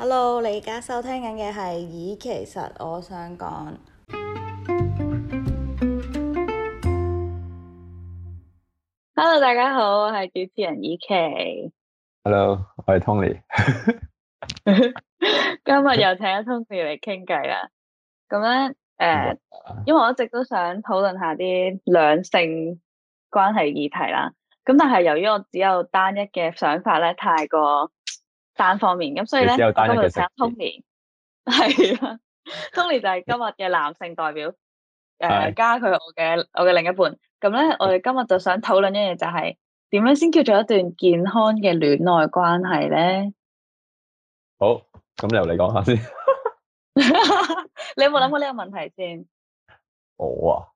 Hello，你而家收聽緊嘅係《以其實我想講》。Hello，大家好，我係主持人以奇。Hello，我係 Tony。今日又請阿 Tony 嚟傾偈啦。咁咧，誒， 因為我一直都想討論下啲兩性關係議題啦。咁但係由於我只有單一嘅想法咧，太過。單方面咁，所以咧今日想 Tony 係啊，Tony 就係今日嘅男性代表誒，的加佢我嘅我嘅另一半咁咧，我哋今日就想討論一樣嘢，就係點樣先叫做一段健康嘅戀愛關係咧？好，咁由你講下先， 你有冇諗過呢個問題先？我啊，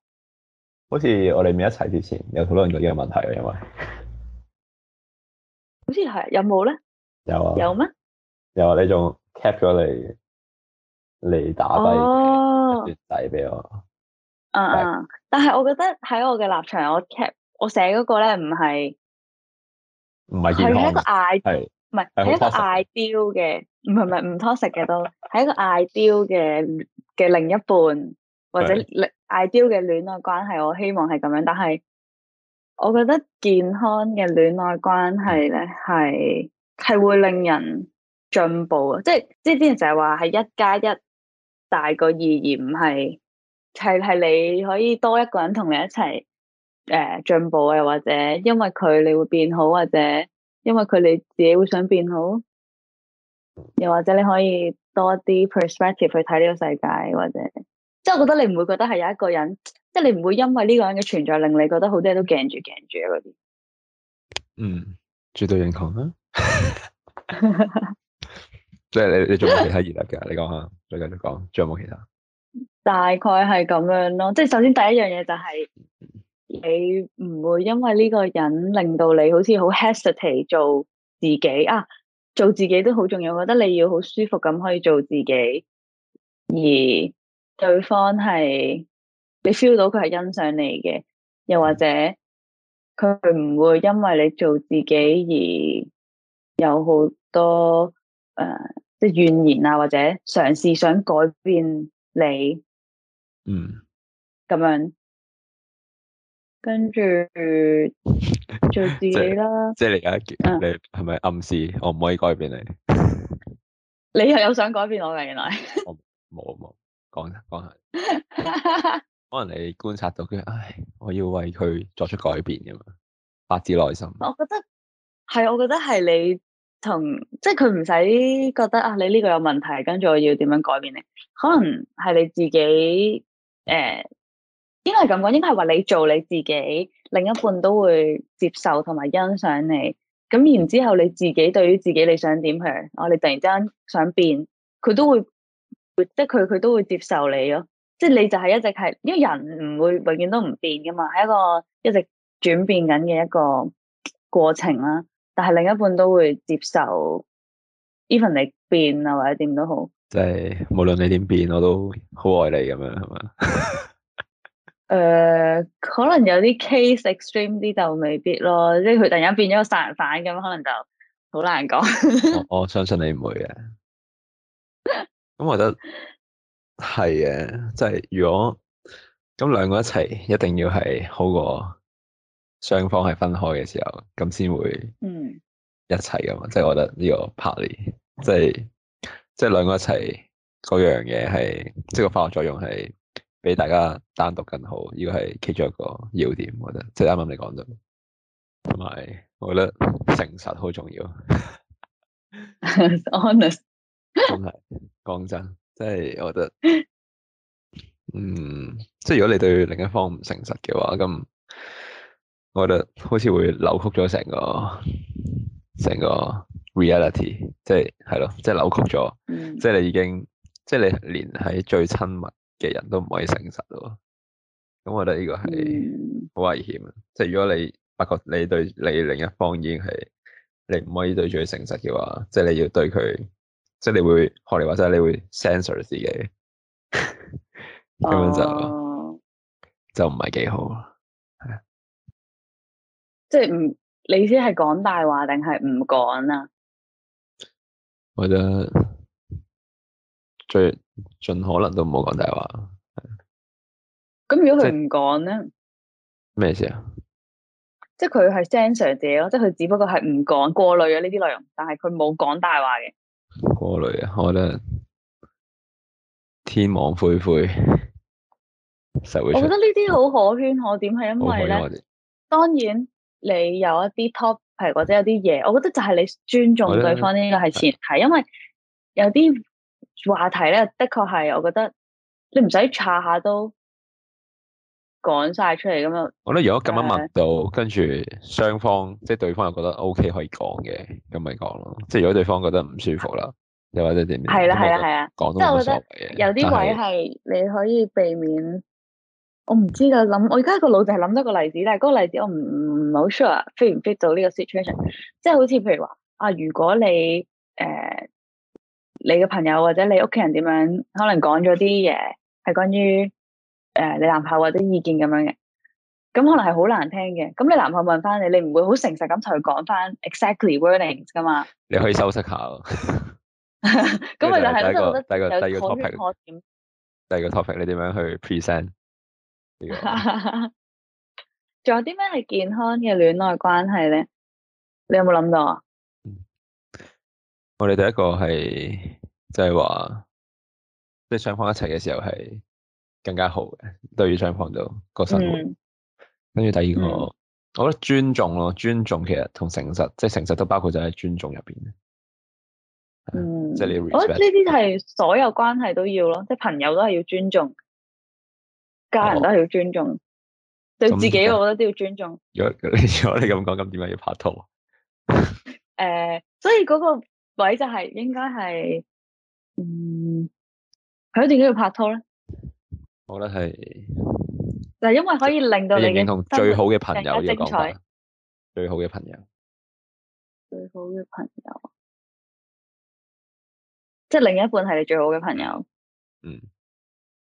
好似我哋未一齊之前有討論過呢個問題啊，因為好似係有冇咧？有啊，有咩嗎？有啊，你仲 cap 咗你，你打底月底俾我。嗯嗯、啊，但係我覺得喺我嘅立場，我 cap 我寫嗰個咧唔係唔係係一個愛，唔係係一個 ideal 嘅，唔係唔係唔拖食嘅都係一個 ideal 嘅、嘅另一半或者 ideal 嘅戀愛關係，我希望係咁樣。但係我覺得健康嘅戀愛關係咧係。係會令人進步啊！即係即係之前成日話係一加一大過二而，而唔係係係你可以多一個人同你一齊誒進步啊！又或者因為佢你會變好，或者因為佢你自己會想變好，又或者你可以多啲 perspective 去睇呢個世界，或者即係我覺得你唔會覺得係有一個人，即係你唔會因為呢個人嘅存在令你覺得好多人都驚住驚住嗰啲。嗯，絕對認同啦～即係你，你做唔其他毅力嘅？你講下，再繼續講，仲有冇其他？大概係咁樣咯。即係首先第一樣嘢就係、是，你唔會因為呢個人令到你好似好 hesitate 做自己啊。做自己都好重要，我覺得你要好舒服咁可以做自己，而對方係你 feel 到佢係欣賞你嘅，又或者佢唔會因為你做自己而。有好多誒、呃，即係怨言啊，或者嘗試想改變你，嗯，咁樣，跟住做自己啦。即係你而家，嗯，你係咪暗示我唔可以改變你？你又有想改變我嘅，原來 我冇冇講講下，講 可能你觀察到佢，唉，我要為佢作出改變㗎嘛，發自內心我。我覺得係，我覺得係你。同即係佢唔使覺得啊，你呢個有問題，跟住我要點樣改變你？可能係你自己誒、呃，應該係咁講，應該係話你做你自己，另一半都會接受同埋欣賞你。咁然之後你自己對於自己你想點去，我哋、啊、突然之間想變，佢都會即係佢佢都會接受你咯。即係你就係一直係，因為人唔會永遠都唔變噶嘛，係一個一直轉變緊嘅一個過程啦。但係另一半都會接受，even 你變啊或者點都好，即係無論你點變，我都好愛你咁樣係嘛？誒、 呃，可能有啲 case extreme 啲就未必咯，即係佢突然間變咗個殺人犯咁，可能就好難講 我相信你唔會嘅，咁我覺得係嘅，即係如果咁兩個一齊，一定要係好過。雙方係分開嘅時候，咁先會一齊㗎嘛？即係、嗯、我覺得呢個 part、就是，即係即係兩個一齊嗰樣嘢係，即、就、係、是、個化學作用係比大家單獨更好。呢個係其中一個要點，我覺得即係啱啱你講咗，同埋我覺得誠實好重要。 That 's honest， 真係講真，即、就、係、是、我覺得，嗯，即、就、係、是、如果你對另一方唔誠實嘅話，咁。我覺得好似會扭曲咗成個成個 reality，即係係咯，即係扭曲咗，即係你已經，即係你連喺最親密嘅人都唔可以誠實咯。咁我覺得呢個係好危險，嗯、即係如果你發覺你對，你，對你另一方已經係你唔可以對住佢誠實嘅話，即係你要對佢，即係你會學你話齋，你會 censor 自己，咁 樣就、啊、就唔係幾好。即係唔，你先係講大話定係唔講啊？我覺得最盡可能都唔好講大話。咁如果佢唔講咧，咩事啊？即係佢係 censor 咗咯，即係佢只不過係唔講過濾啊呢啲內容，但係佢冇講大話嘅。過濾啊，我覺得天網恢恢，實 會。我覺得呢啲好可圈可點，係 因為咧，當然。你有一啲 topic 或者有啲嘢，我覺得就係你尊重對方呢個係前提，是因為有啲話題咧，的確係我覺得你唔使查下都講晒出嚟咁樣。我覺得如果咁樣問到，呃、跟住雙方即係對方又覺得 O、OK、K 可以講嘅，咁咪講咯。即係如果對方覺得唔舒服啦，又是或者點？係啦的，係啦，係啊。即係我覺得有啲位係是你可以避免。我唔知噶，諗我而家個腦就係諗咗個例子，但係嗰個例子我唔好 sure fit 唔 fit 到呢個 situation，即係好似譬如話啊，如果你誒、呃、你嘅朋友或者你屋企人點樣，可能講咗啲嘢係關於誒、呃、你男朋友或者意見咁樣嘅，咁可能係好難聽嘅。咁你男朋友問翻你，你唔會好誠實咁同佢講翻 exactly wordings 噶嘛？你可以修飾下、哦。 咁咪 就喺呢度，第二個第二個，個 topic，第二個 topic 你點樣去 present？仲 有啲咩係健康嘅戀愛關係咧？你有冇諗到啊、嗯？我哋第一個係就係話，即係雙方一齊嘅時候係更加好嘅，對於雙方就個生活。嗯、跟住第二個，嗯、我覺得尊重咯，尊重其實同誠實，即係誠實都包括就喺尊重入邊。嗯，即係、嗯就是、你我覺得呢啲係所有關係都要咯，即、就、係、是、朋友都係要尊重。家人都係要尊重，對自己我覺得都要尊重。尊重如果，如果你咁講，咁點解要拍拖？誒 呃，所以嗰個位就係、是、應該係，嗯，係咪點解要拍拖咧？我覺得係，就係因為可以令到你同最好嘅朋友呢個講法，最好嘅朋友，最好嘅朋友，即係另一半係你最好嘅朋友。嗯。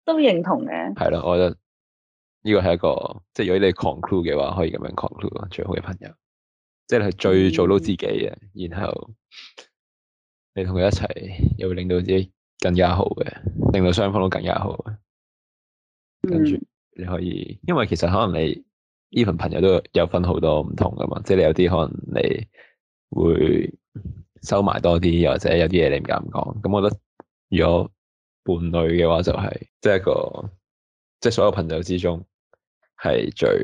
都認同嘅，係啦，我覺得呢個係一個，即係如果你 conclude 嘅話，可以咁樣 conclude 最好嘅朋友，即係最做到自己嘅，嗯、然後你同佢一齊又會令到自己更加好嘅，令到雙方都更加好嘅，跟住你可以，因為其實可能你呢份朋友都有分好多唔同噶嘛，即係你有啲可能你會收埋多啲，或者有啲嘢你唔敢講，咁我覺得如果伴侶嘅話就係，即係一個即係、就是、所有朋友之中係最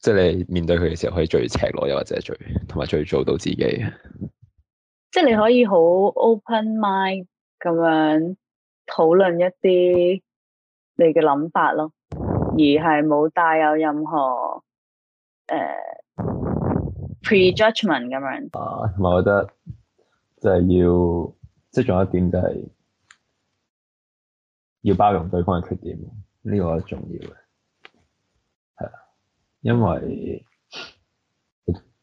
即係、就是、你面對佢嘅時候可以最赤裸又或者係最同埋最做到自己，即係你可以好 open mind 咁樣討論一啲你嘅諗法咯，而係冇帶有任何誒、uh, prejudgment 咁樣啊，同埋我覺得即係要即係仲有一點就係、是。要包容對方嘅缺點，呢個重要嘅，係啊，因為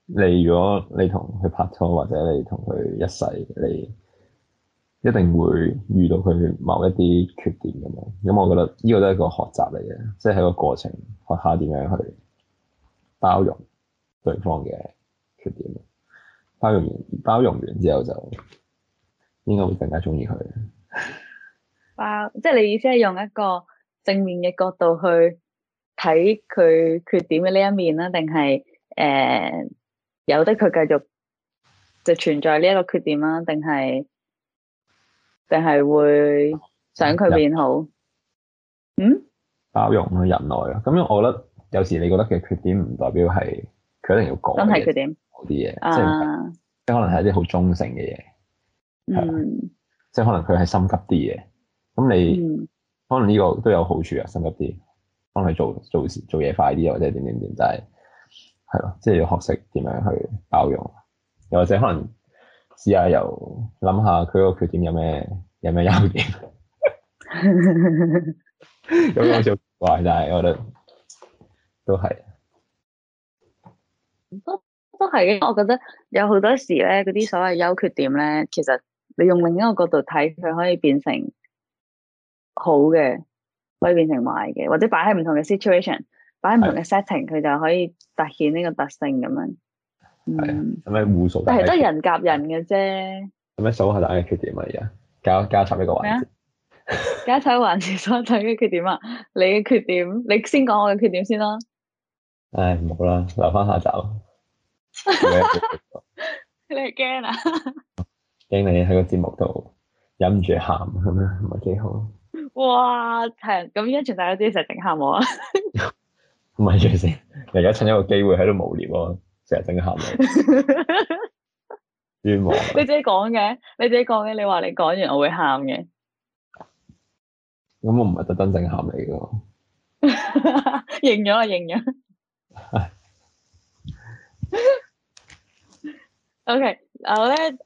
你如果你同佢拍拖，或者你同佢一世，你一定會遇到佢某一啲缺點嘅嘛。咁我覺得呢個都係一個學習嚟嘅，即係喺個過程學下點樣去包容對方嘅缺點。包容完包容完之後，就應該會更加中意佢。包，即係你意思係用一個正面嘅角度去睇佢缺點嘅呢一面啦、啊，定係誒，由、呃、得佢繼續就存在呢一個缺點啦、啊？定係定係會想佢變好？任嗯，包容咯，忍耐咯。咁樣我覺得有時你覺得嘅缺點唔代表係佢一定要改，真係缺點嗰啲嘢，即係可能係一啲好中性嘅嘢，嗯，即係可能佢係心急啲嘢。咁你可能呢個都有好處啊，深入啲，幫佢做做,做事做嘢快啲，或者點點點，就係係咯，即係要學識點樣去包容，又或者可能試,試又想想下又諗下佢個缺點有咩有咩優點，有優少怪，但係我覺得都係，都都係嘅。我覺得有好多時咧，嗰啲所謂優缺點咧，其實你用另一個角度睇，佢可以變成。好嘅可以變成壞嘅，或者擺喺唔同嘅 situation，擺喺唔同嘅 setting，佢的就可以凸顯呢個特性咁樣。係。有咩誤數？但係得人夾人嘅啫。有咩數下大家嘅缺點啊？而家加一插呢個環節。加插環節所睇嘅缺點啊？你嘅缺點，你先講我嘅缺點先啦。唉，唔好啦，留翻下集。 你驚啊？驚你喺個節目度忍唔住喊，係咪唔係幾好？哇！係咁，一全大家都成日整喊我啊！唔係最先，而家趁一個機會喺度無聊咯，成日整喊你！ 冤枉你。你自己講嘅，你自己講嘅，你話你講完我會喊嘅。咁、嗯、我唔係特登整喊你嘅。認咗啊，認咗。OK，然後咧，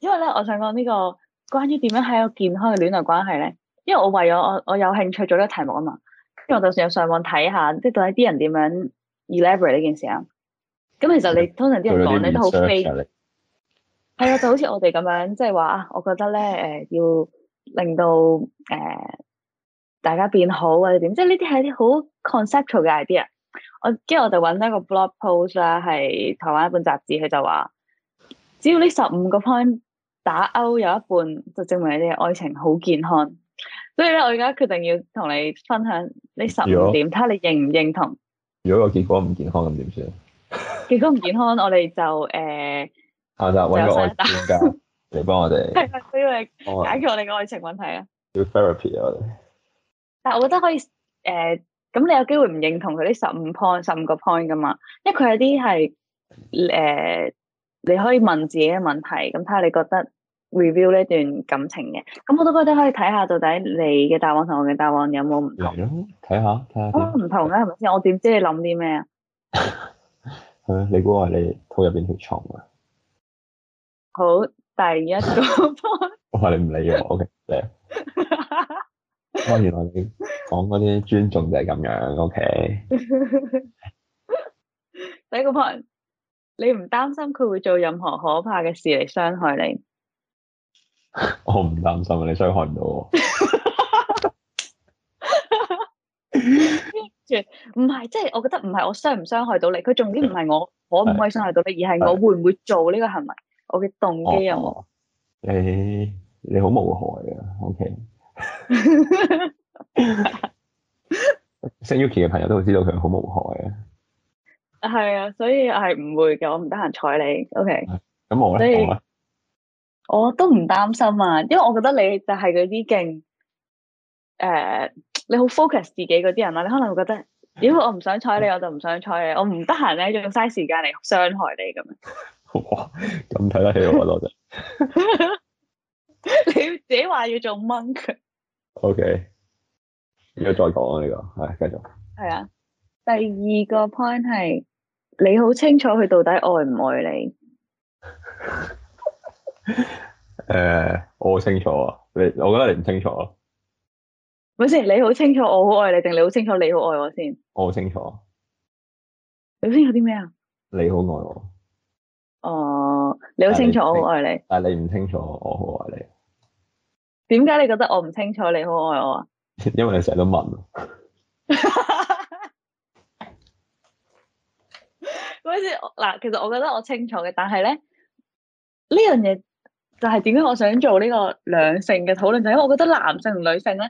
因為咧，我想講呢、這個關於點樣喺一個健康嘅戀愛關係咧。因為我為咗我我有興趣做呢個題目啊嘛，咁我就算有上網睇下，即係到底啲人點樣 elaborate 呢件事啊。咁其實你對通常啲人講咧對都好飛、啊，係啊，就好似我哋咁樣，即係話啊，我覺得咧誒要令到誒、呃、大家變好或者點，即係呢啲係啲好 conceptual 嘅 idea。我跟住我就揾一個 blog post 啦，係台灣一本雜誌，佢就話只要呢十五個 point 打勾有一半，就證明你嘅愛情好健康。所以咧，我而家決定要同你分享呢十五點，睇下果你認唔認同。如果個結果唔健康咁點算？ 結果唔健康，我哋就誒，呃、 就揾個專家嚟幫 我哋， 解決我哋嘅愛情問題啊。Do therapy 啊！但係我覺得可以誒，咁、呃、你有機會唔認同佢呢十五 point，十五個 point 噶嘛？因為佢有啲係誒，你可以問自己嘅問題，咁睇下你覺得。review 呢段感情嘅，咁我都覺得可以睇下到底你嘅答案同我嘅答案有冇唔同，睇下睇下，下都唔同嘅係咪先？我點知你諗啲咩啊？你估我係你肚入邊條蟲啊？好，第一個 part，我話你唔理我，O K。你、okay。哇、 哦，原來你講嗰啲尊重就係咁樣，O K。Okay、 第一個 part，你唔擔心佢會做任何可怕嘅事嚟傷害你。我唔擔心啊，你傷害唔到我。住唔係，即係我覺得唔係我傷唔傷害到你，佢重點唔係我可唔是可以傷害到你，而係我會唔會做呢個行為，的我嘅動機、哦、啊，有冇？你你好無害啊，OK。 sen Yuki 嘅朋友都知道佢好無害啊。係啊，所以我係唔會嘅，我唔得閒睬你。OK，咁我以我咧。我都唔擔心啊，因為我覺得你就係嗰啲勁，誒、呃，你好 focus 自己嗰啲人啦、啊，你可能會覺得，如果我唔想睬你，我就唔想睬你，我唔得閒咧，仲要嘥時間嚟傷害你咁樣。哇，咁睇得起我多啫。你要自己話要做 monk。O K，而家再講啊呢個，係、哎、繼續。係啊，第二個 point 係，你好清楚佢到底愛唔愛你。 誒、 呃，我好清楚啊，你我覺得你唔清楚、啊，咪先你好清楚，我好愛你定你好清楚，你好愛我先，我好清楚。你清楚啲咩啊？你好愛我。哦，你好清楚，我好愛你。但係你唔清楚，我好愛你。點解你覺得我唔清楚你好愛我啊？ 因為你成日都問。嗰陣時嗱，其實我覺得我清楚嘅，但係咧呢樣嘢。這個就係點解我想做呢個兩性嘅討論，就係因為我覺得男性同女性咧，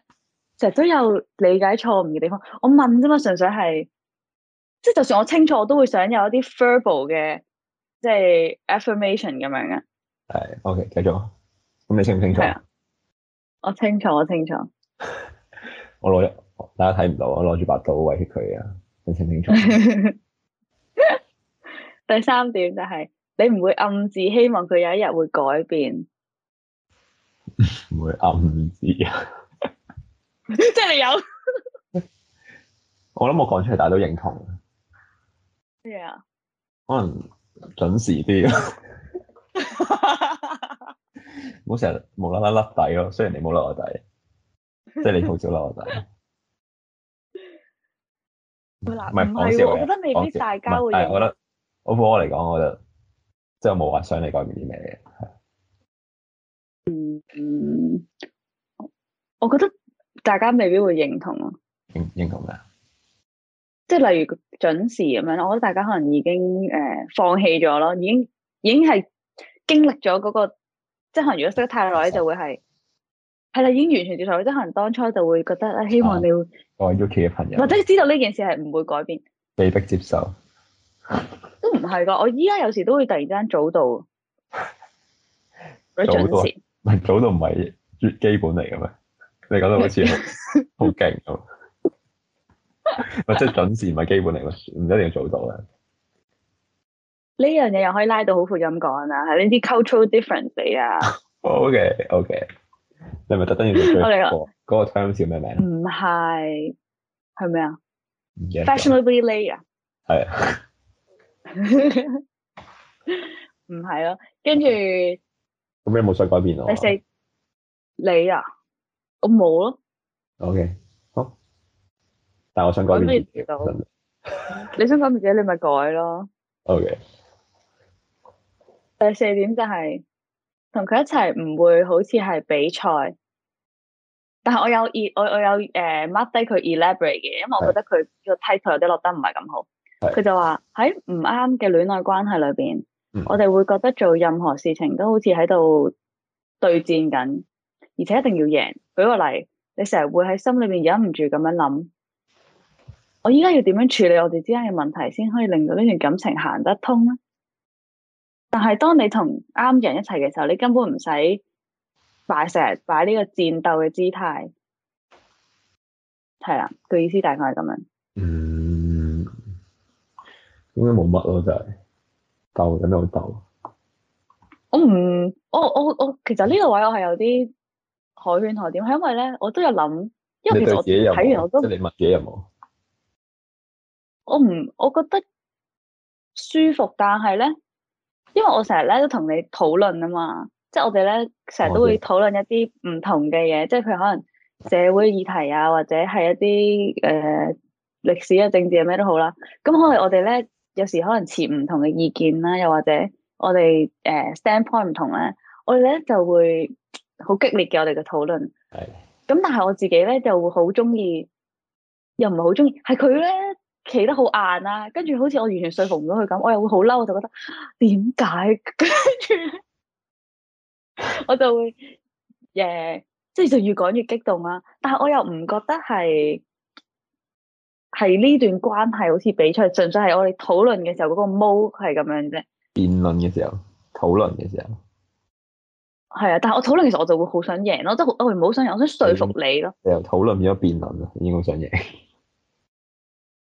成日都有理解錯誤嘅地方。我問啫嘛，純粹係，即係就算我清楚，我都會想有一啲 verbal 嘅，即係 affirmation 咁樣嘅。係，OK，繼續。咁你清唔清楚啊？我清楚，我清楚。 我攞，大家睇唔到，我攞住把刀威脅佢啊！你清唔清楚？ 第三點就係。你唔會暗自希望佢有一日會改變，唔會暗自，即係你有，我諗我講出嚟，大家都認同。咩啊？可能準時啲，唔好成日無啦啦甩底咯。雖然你冇甩我底，即係你好少甩我底。唔係，我覺得未必大家會。我覺得，我對我嚟講，我覺得。即係冇話想你改變啲咩嘢，係、嗯。嗯，我覺得大家未必會認同咯。認認同咩啊？即係例如準時咁樣，我覺得大家可能已經誒、呃、放棄咗咯，已經已經係經歷咗嗰個，即係可能如果識得太耐就會係係啦，已經完全接受。即係可能當初就會覺得咧，希望你會、啊、愛我屋企嘅朋友，或者知道呢件事係唔會改變，被迫接受。唔係噶，我依家有時都會突然間早，早到，早到？唔係早到唔係基本嚟嘅咩？你講得好似好勁咁。唔係 即係準時，唔係基本嚟嘅，唔一定要早到啦。呢樣嘢又可以拉到好闊咁講啊！呢啲 cultural difference 啊。OK OK 你係咪特登要追嗰個？嗰個 term 叫咩名？唔係，係咩啊？Fashionably late 啊。係。嗎 唔係咯，跟住咁你冇想改變我啊？第四你啊，我冇咯。O K，好，但係我想改變，改變。 你想改變自己，你咪改咯。O Okay . K，第四點就係同佢一齊唔會好似係比賽，但係我有意，我我有誒 mark 低佢 elaborate 嘅，因為我覺得佢個 title 有啲落得唔係咁好。佢就話喺唔啱嘅戀愛關係裏邊，嗯、我哋會覺得做任何事情都好似喺度對戰緊，而且一定要贏。舉個例，你成日會喺心裏面忍唔住咁樣諗：我依家要點樣處理我哋之間嘅問題，先可以令到呢段感情行得通咧？但係當你同啱嘅人一齊嘅時候，你根本唔使擺成日擺呢個戰鬥嘅姿態。係啦，個意思大概係咁樣。應該冇乜咯，就係鬥，有咩好鬥？我唔，我我我其實呢個位我係有啲海圈海點，係因為咧我都有諗，因為其實我自己睇完我都唔，即係你問自己有冇？就是、有有我唔，我覺得舒服，但係咧，因為我成日咧都同你討論啊嘛，即係我哋咧成日都會討論一啲唔同嘅嘢，即係譬如可能社會議題啊，或者係一啲誒歷史啊、政治啊咩都好啦。咁可能我哋咧。有時可能持唔同嘅意見啦，又或者我哋誒、uh, standpoint 唔同咧，我哋咧就會好激烈嘅我哋嘅討論。係的。咁但係我自己咧就會好中意，又唔係好中意，係佢咧企得好硬啊，跟住好似我完全說服唔到佢咁，我又會好嬲，我就覺得點解？啊，跟住 我就會誒，yeah, 即係就越講越激動啦、啊。但係我又唔覺得係。係呢段關係好似俾出嚟，純粹係我哋討論嘅時候嗰個毛 o d e 係咁樣啫。辯論嘅時候，討論嘅時候，係啊，但係我討論其候我就會好想贏咯，即係我唔好想贏，我想說服你咯。你又討論咗辯論啦，已經想贏。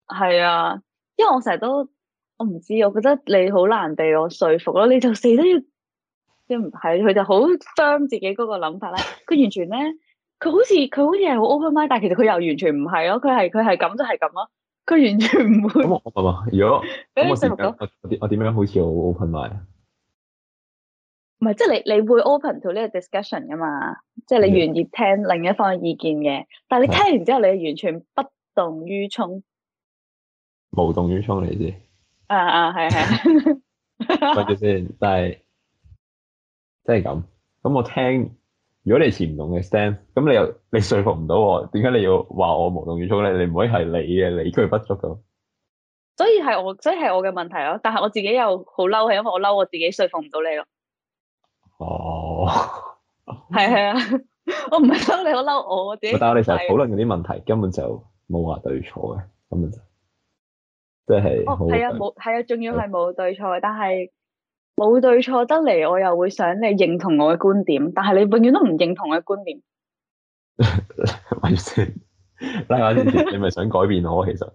係啊，因為我成日都我唔知，我覺得你好難被我說服咯，你就死都要，即唔係佢就好 f 自己嗰個諗法咧，佢完全咧。 佢好似佢好似係好 open mind，但係其實佢又完全唔係咯。佢係佢係咁就係咁咯。佢完全唔會咁啊，咁如果 我發覺 我我點樣好似好 open mind 啊？唔係，即係你你會 open to 呢個 discussion 噶嘛？即係你願意聽另一方嘅意見嘅，但係你聽完之後，的你完全不動於衷，無動於衷嚟嘅、 啊。啊啊，係係。諗住先，但係即係咁。咁、就是、我聽。如果你持唔同嘅 stance，咁你又你說服唔到我，點解你要話我無動於衷咧？你唔會係你嘅理據不足噶？所以係我，所以係我嘅問題咯。但係我自己又好嬲，係因為我嬲我自己說服唔到你咯。哦，係係啊，我唔係嬲你，好嬲我自己。但係我哋成日討論嗰啲問題，根本就冇話對錯嘅，根本就即係。哦，係啊，冇係啊，仲要係冇對錯，嗯、但係。冇對錯得嚟，我又會想你認同我嘅觀點，但係你永遠都唔認同我嘅觀點。喂先， 你咪想改變我其實？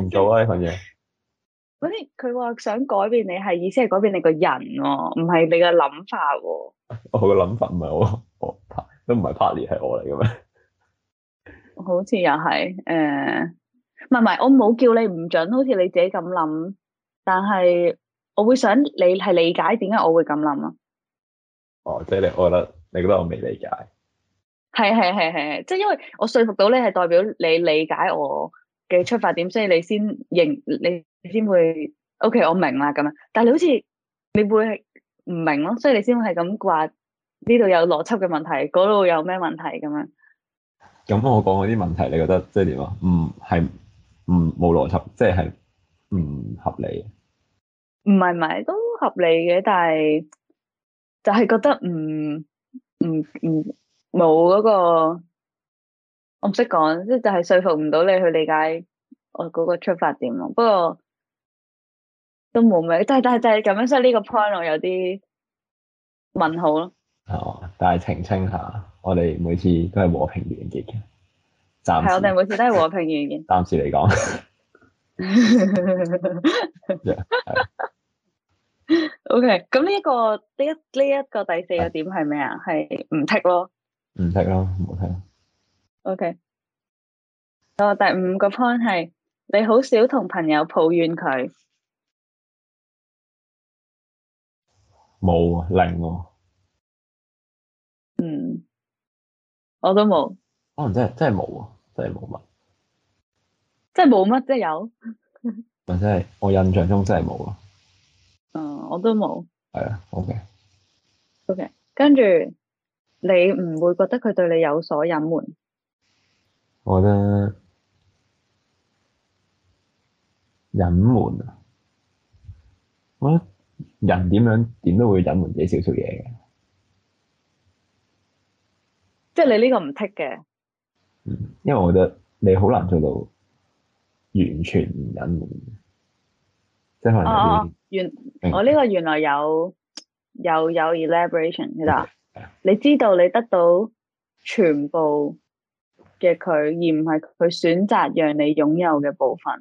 唔做啊呢份嘢。嗰啲佢話想改變你，係意思係改變你個人喎，唔係你嘅諗法喎。我嘅諗法唔係我，我都唔係 party，係我嚟嘅咩？好似又係誒。呃唔係唔係，我冇叫你唔准，好似你自己咁諗。但係我會想你係理解點解我會咁諗咯。哦，即係你我覺得你覺得我未理解？係係係係，即係因為我說服到你係代表你理解我嘅出發點，所以你先認你先會。OK，我明啦咁樣。但係你好似你會唔明咯，所以你先會係咁話呢度有邏輯嘅問題，嗰度有咩問題咁樣？咁我講嗰啲問題，你覺得即係點啊？唔係。唔冇邏輯，即係唔合理。唔係唔係都合理嘅，但係就係覺得唔唔唔冇嗰個，我唔識講，即係就係、是、說服唔到你去理解我嗰個出發點咯。不過都冇咩，但係但係就係咁樣，所以呢個 point 我有啲問號咯。哦，但係澄清下，我哋每次都係和平完結嘅。係我哋每次都係和平言言。暫時嚟講。O K，咁呢一個呢一呢一個第四個點係咩啊？係唔 tick 咯。唔 tick 咯，冇 tick。O K，哦，第五個 point 係你好少同朋友抱怨佢。冇、啊、零喎、啊。嗯，我都冇。可能真係真係冇啊。真係冇乜，真係冇乜，真係有，或者係我印象中真係冇咯。嗯，我都冇。係啊，OK，OK。跟住你唔會覺得佢對你有所隱瞞？我覺得隱瞞啊！我覺得人點樣點都會隱瞞自己少少嘢嘅，即係你呢個唔剔嘅。因為我覺得你好難做到完全唔隱瞞，即係可能、哦哦、原、嗯、我呢個原來有有有 elaboration，其實 Okay. 你知道你得到全部嘅佢，而唔係佢選擇讓你擁有嘅部分。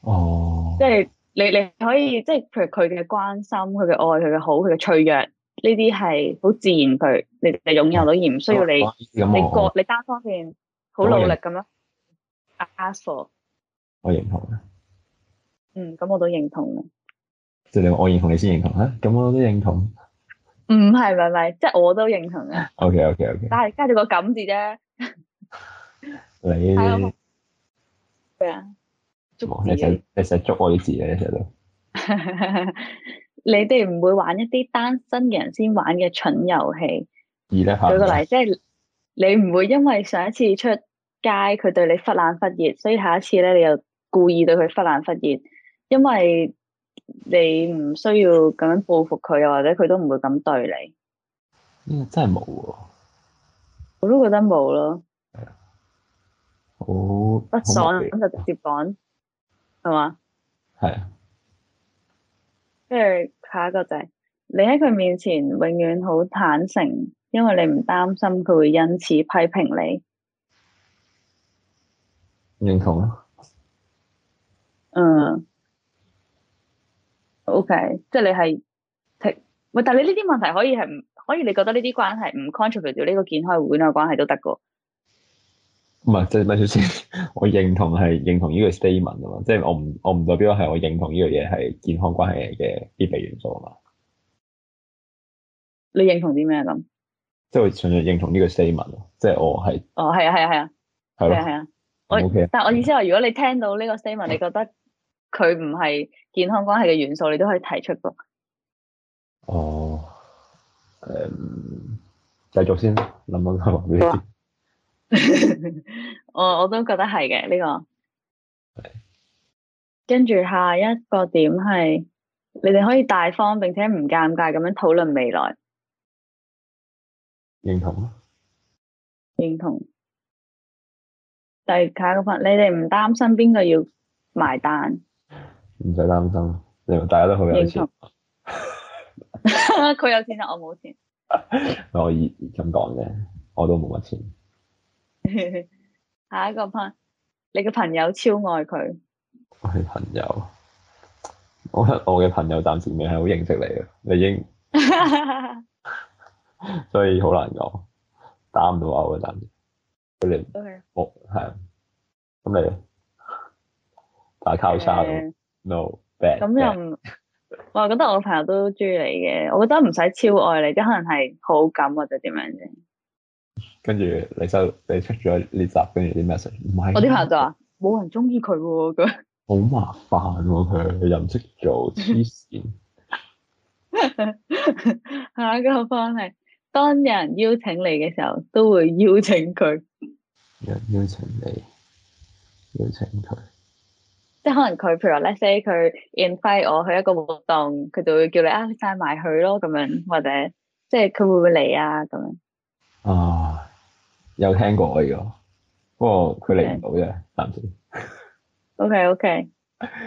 哦、oh.，即係你你可以即係譬如佢哋嘅關心，佢嘅愛，佢嘅好，佢嘅脆弱。呢啲係好自然，佢你你你擁有到而唔需要你，哦哦哦哦哦，你個你單方面好努力咁樣 ask for，我認同嘅，嗯，咁我，我、啊、我都認同嘅。即係你我認同你先認同吓，咁我都認同。唔係，唔係，即係我都認同嘅。O K，O K，O K。但加加咗個咁字啫。你係啊，捉你成你成日捉我啲字嘅，成日都。你哋唔會玩一啲單身嘅人先玩嘅蠢遊戲。舉個例，即係你唔會因為上一次出街佢對你忽冷忽熱，所以下一次咧你又故意對佢忽冷忽熱，因為你唔需要咁樣報復佢，又或者佢都唔會咁對你。呢個、嗯、真係冇、啊，我都覺得冇咯。係啊。好不爽咁就直接講，係嘛？係啊。跟住下一個就係你喺佢面前永遠好坦誠，因為你唔擔心佢會因此批評你。認同咯、啊。嗯、uh, okay。O K，即係你係係，喂，但係你呢啲問題可以係唔可以？你覺得呢啲關係唔 contribute 到呢個健康嘅關係都得噶。唔係，即係咪，首先我認同係認同呢個 statement 啊嘛，即係我唔我唔代表係我認同呢個嘢係健康關係嘅必備元素啊嘛。你認同啲咩咁？即係我純粹認同呢個 statement，哦，啊，即係我係哦，係啊，係啊，係啊，係啊，係啊。我，我但係我意思係，啊，如果你聽到呢個 statement，你覺得佢唔係健康關係嘅元素，你都可以提出㗎。哦，誒，嗯，繼續先，諗諗下。 我我都覺得係嘅呢個，跟住是下一個點係，你哋可以大方並且唔尷尬咁樣討論未來。認同咯，認同。認同但係下一個分，你哋唔擔心邊個要埋單？唔使擔心，因大家都好有，有錢。佢認同 有錢，就我冇錢。我，錢 我可以咁講嘅，我都冇乜錢。 下一個 part 你嘅朋友超愛佢。我係朋友，我我嘅朋友暫時未係好認識你啊，你已經， 所以好難講，打唔到勾 Okay. 啊，暫時。你我係，咁你打交叉咯。No bad, bad. 就。咁又唔，我係覺得我嘅朋友都中意你嘅，我覺得唔使超愛你，即可能係好感或者點樣啫。跟住你就你出咗呢集，跟住啲 message，唔係我啲朋友就話冇人中意佢佢，好麻煩佢、啊、 又唔識做黐線。 下一個方面，當有人邀請你嘅時候，都會邀請佢。有人邀請你，邀請佢，即係可能佢譬如話，let's say 佢 invite 我去一個活動，佢就會叫你啊 sign 埋去咯咁樣，或者即係佢會唔會嚟啊咁樣啊。有聽過我呢個，不過佢嚟唔到啫，暫時。O K O K，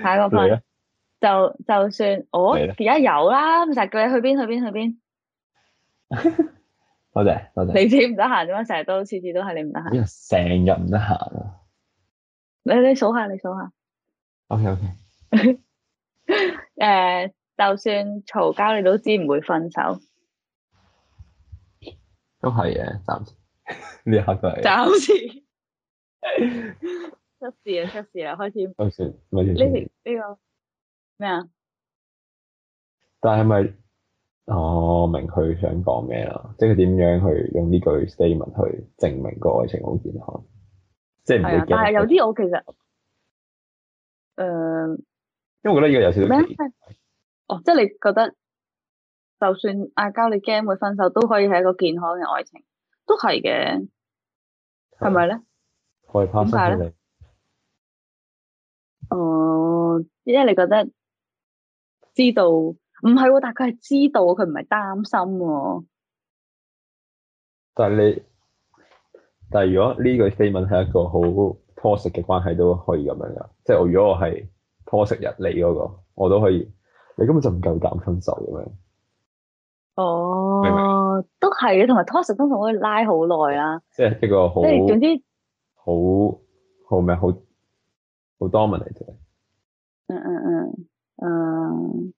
下一個分。就就算哦，而家有啦，成日叫你去邊去邊去邊。多謝多謝。你點唔得閒？點解成日都次次都係你唔得閒？成日唔得閒啊！你你數下，你數下。O K O K。誒，就算嘈交，你都知唔會分手。都係嘅，暫時。呢 一刻就似暫時 出事啦！出事啦！開始呢呢、哦，這個咩、這個哦就是、啊？但係咪我明佢想講咩啦？即係佢點樣去用呢句 statement 去證明個愛情好健康？即係唔會，但係有啲我其實誒，嗯呃、因為我覺得呢個有少少咩？哦、呃、即、就、係、是、你覺得就算嗌交，你驚會分手，都可以係一個健康嘅愛情。都係嘅，係咪咧？點解你哦，因為你覺得知道唔係、哦，但佢係知道，佢唔係擔心。但係你，但係如果呢句 statement 係一個好拖石嘅關係都可以咁樣噶，即係我如果、那個、我係拖石人，你嗰個我都可以，你根本就唔夠膽分手咁樣。哦。明哦、都係嘅，同埋 Tos 都同佢拉好耐啦。即係一個好，即係總之好好咩好，好 dominant。Dom 嗯嗯嗯，誒，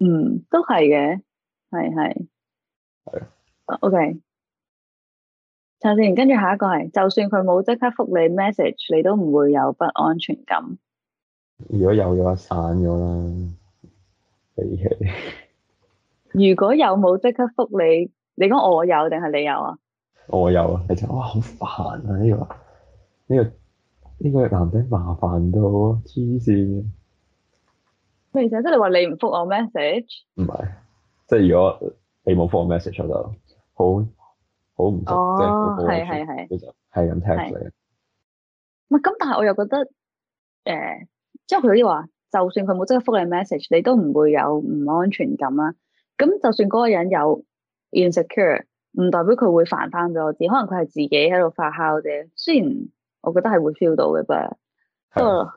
嗯，都係嘅，係係係。O K，首先，的 okay. 跟住下一個係，就算佢冇即刻覆你 message，你都唔會有不安全感。如果有嘅話散咗啦， 如果有冇即刻覆你？你講我有定係你有啊？我有啊，你就哇，好煩啊！呢個呢個呢個男仔麻煩到，黐線啊。咩事？即係你話你唔覆我 message？唔係，即係如果你冇覆我 message，我就好好唔覆。哦，係係係，就係咁 text 你。唔係咁，但係我又覺得，誒，即係佢嗰啲話，就算佢冇即刻覆你 message，你都唔會有唔安全感啊。咁就算嗰個人有。insecure 唔代表佢會煩翻俾我知，可能佢係自己喺度發酵啫。雖然我覺得係會 feel 到嘅的不嗯，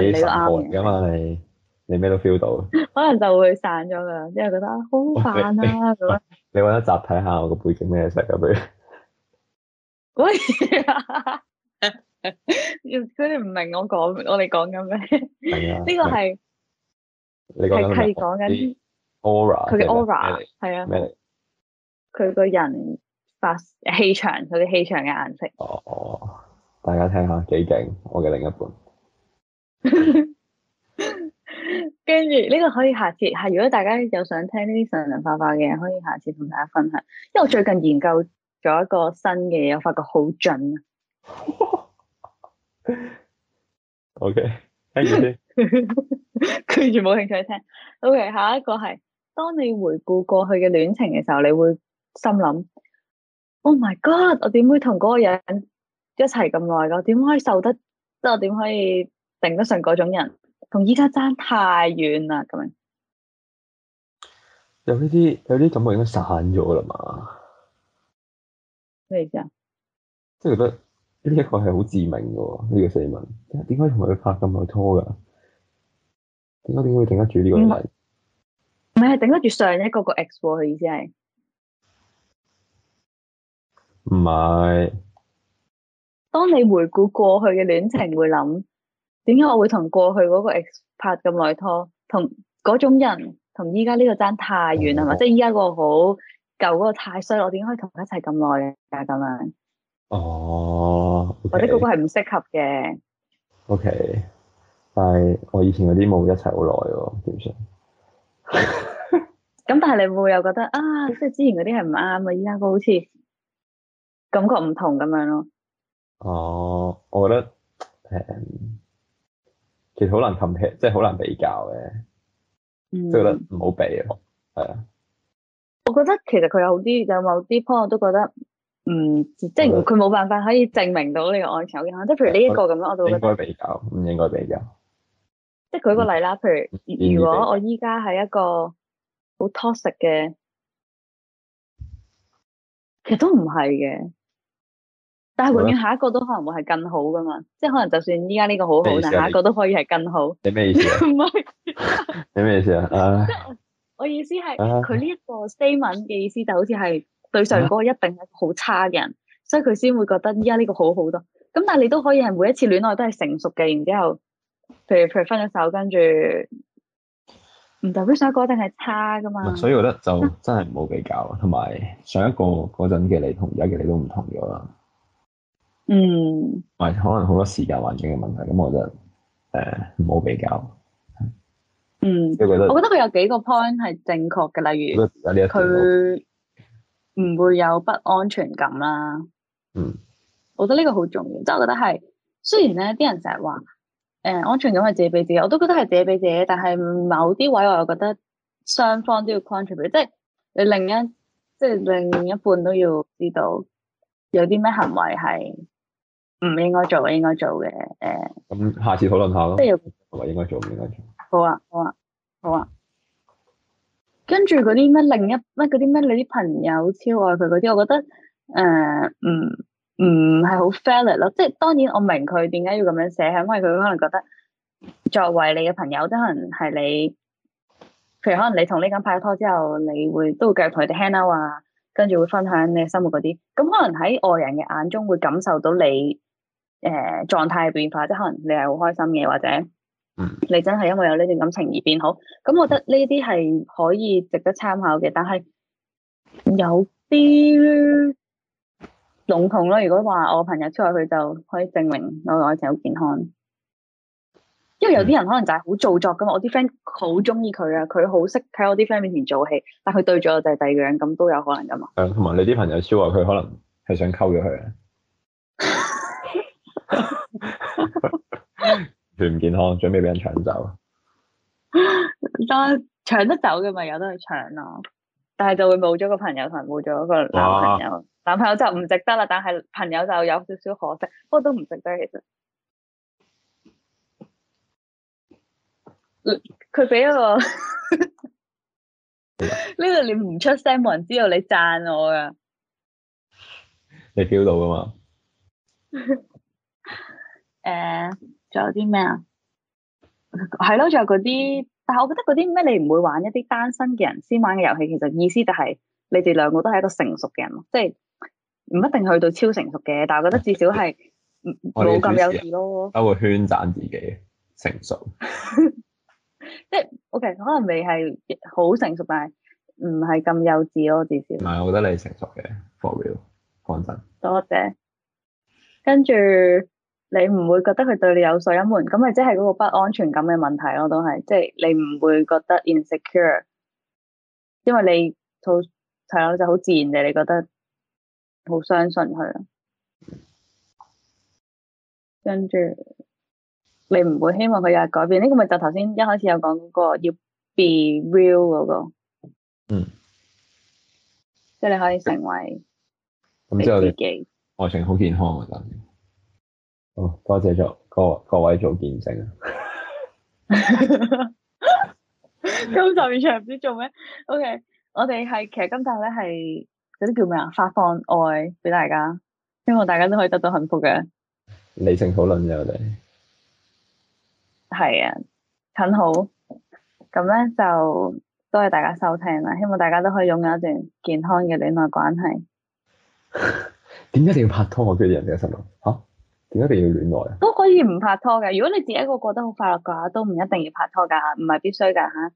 你你都啱嘅。你咩都 feel 到。可能就會散咗啦，因為覺得好煩啦咁。 你搵樣一集睇下我個背景咩色咁樣。佢哋唔明我講我哋講緊咩？明啊的。呢 個係係係講緊 aura，佢哋 aura 係啊。佢個人發氣場，佢嘅氣場嘅顏色。哦，大家聽下，幾勁！我嘅另一半，跟住呢個可以下次係，如果大家有想聽呢啲神神化化嘅，可以下次同大家分享。因為我最近研究咗一個新嘅嘢，我發覺好準啊。OK，跟住先，跟住冇興趣聽。OK，下一個係，當你回顧過去嘅戀情嘅時候，你會。心諗，Oh my God！我點會同嗰個人一齊咁耐噶？點可以受得？即係我點可以頂得順嗰種人？同依家爭太遠啦！咁樣有呢啲有啲感覺應該散咗啦嘛？咩意思呀，即係覺得呢一個係好致命噶。呢、這個死文點解同佢拍咁耐拖噶？點解點會頂得住呢個問題？唔係頂得住上一個個，個 X 喎、啊，佢意思係。唔係。當你回顧過去嘅戀情，會諗點解我會同過去嗰個 x 拍咁耐拖？同嗰種人同依家呢個爭太遠係嘛？即係依家個好舊，嗰個太衰，我點可以同佢一齊咁耐嘅咁樣？哦，okay、或者嗰個係唔適合嘅。OK，但係我以前嗰啲冇一齊好耐嘅，點算？咁 但係你會唔會又覺得啊，即係之前嗰啲係唔啱啊，依家個好似。感覺唔同咁樣咯。哦，我覺得誒、嗯，其實好難 compare 即係好難比較嘅。即係、嗯、覺得唔好比係啊。我覺得其實佢有好啲，有某啲 point 我都覺得，嗯，即係佢冇辦法可以證明到你嘅愛情好健康。即係譬如呢一、這個咁我樣，我都覺得。唔應該比較。比較即係舉個例啦，譬如不如果我依家係一個好 toxic 嘅，其實都唔係嘅。但係永遠下一個都可能會係更好噶嘛，即係可能就算依家呢個好好，啊、但下一個都可以係更好。你咩意思？唔係。你咩意思啊？即係我意思係佢呢一個 statement 嘅意思就好似係對上嗰個一定係好差嘅人，所以佢先會覺得依家呢個好好多。咁但係你都可以係每一次戀愛都係成熟嘅，然之後譬如，譬如分咗手，跟住唔代表上一個一定係差噶、uh, 嘛。所以我覺得就真係唔好比較，同埋 上一個嗰陣嘅你同而家嘅你都唔同咗啦。嗯，或可能好多時間環境嘅問題，咁我就、呃嗯、我覺得誒唔好比較。嗯，我覺得佢有幾個 point 係正確嘅，例如佢唔會有不安全感啦、啊。嗯，我覺得呢個好重要，即、就、係、是、我覺得係雖然咧，啲人成日話誒安全感係自己俾自己，我都覺得係自己俾自己，但係某啲位我又覺得雙方都要 contribute，即係你另一即係另一半都要知道有啲咩行為係。唔應該做嘅，應該做嘅，誒。咁下次討論下咯。即係要話應該做唔、呃、如應該做。該做好啊，好啊，好啊。跟住嗰啲咩另一乜嗰啲咩，你啲朋友超愛佢嗰啲，我覺得誒，唔唔係好 fair 咯。即、嗯、係、嗯就是、當然我明佢點解要咁樣寫，因為佢可能覺得作為你嘅朋友，即可能係你，譬如可能你同呢個人拍拖之後，你會都會繼續同佢哋 hang out 啊，跟住會分享你嘅生活嗰啲，咁可能喺外人嘅眼中會感受到你。誒，狀態嘅變化，即係可能你係好開心嘅，或者，嗯，你真係因為有呢段感情而變好。咁、嗯、我覺得呢啲係可以值得參考嘅，但係有啲籠統咯。如果話我朋友超話佢就可以證明我愛情好健康，因為有啲人可能就係好做作噶嘛。嗯、我啲 friend 好中意佢啊，佢好識喺我啲 friend 面前做戲，但係佢對住我就係第二樣，咁都有可能噶嘛。同埋、嗯、你啲朋友超話佢可能係想溝咗佢啊。 佢唔 健康，準備俾人搶走。當搶 得走嘅咪有得佢搶咯，但係就會冇咗個朋友同埋冇咗個男朋友。哇男朋友就唔值得啦，但係朋友就有少少可惜。不過都唔值得，其實。佢俾一個呢度，你唔出聲，冇人知道你讚我噶。你 feel 到㗎嘛？ 誒，仲、呃、有啲咩啊？係 咯，仲有嗰啲，但係我覺得嗰啲咩你唔會玩一啲單身嘅人先玩嘅遊戲，其實意思就係你哋兩個都係一個成熟嘅人，即係唔一定去到超成熟嘅，但係我覺得至少係冇咁幼稚咯，兜個圈讚自己成熟。 即係 O K，可能未係好成熟，但係唔係咁幼稚咯，至少。唔係，我覺得你成熟嘅，For real，講真。多謝，跟住。你唔會覺得佢對你有所隱瞞？咁咪即係嗰個不安全感嘅問題咯，都係即係你唔會覺得 insecure，因為你好係咯，就好自然嘅，你覺得好相信佢，跟住你唔會希望佢有改變。呢、這個咪就頭先一開始有講嗰個要 be real 嗰、那個，嗯，即係你可以成為你自己，愛、嗯、情好健康嗰、啊、陣。哦，多謝咗各各位做見證啊！ 今集完全唔知做咩？OK，我哋係其實今集咧係嗰啲叫咩啊？發放愛俾大家，希望大家都可以得到幸福嘅理性討論啫，我哋係啊，很好。咁咧就多謝大家收聽啦，希望大家都可以擁有一段健康嘅戀愛關係。點解 一定要拍拖我叫啲人嘅思路吓？啊點解一定要戀愛啊？都可以唔拍拖嘅，如果你自己一個過得好快樂嘅話，都唔一定要拍拖噶，唔係必須噶吓。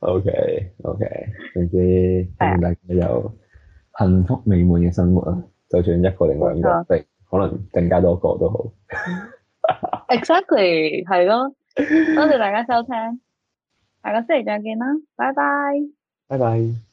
OK，OK，總之希望大家有幸福美滿嘅生活啦，就算一個定兩個，誒，可能更加多個都好。Exactly，係咯，多謝大家收聽，下個星期再見啦，拜拜，拜拜。